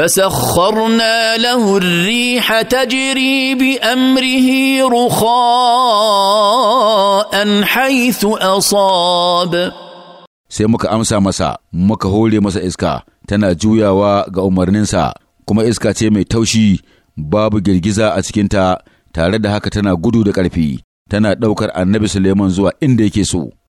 فسخرنا له الريح تجري بامره رخاء حيث اصاب sai muka amsa masa muka hore masa iska tana juyawa ga umarninsa kuma iska ce mai taushi babu girgiza a cikinta tare da haka tana gudu da ƙarfi tana ɗaukar annabi Suleiman zuwa inda yake so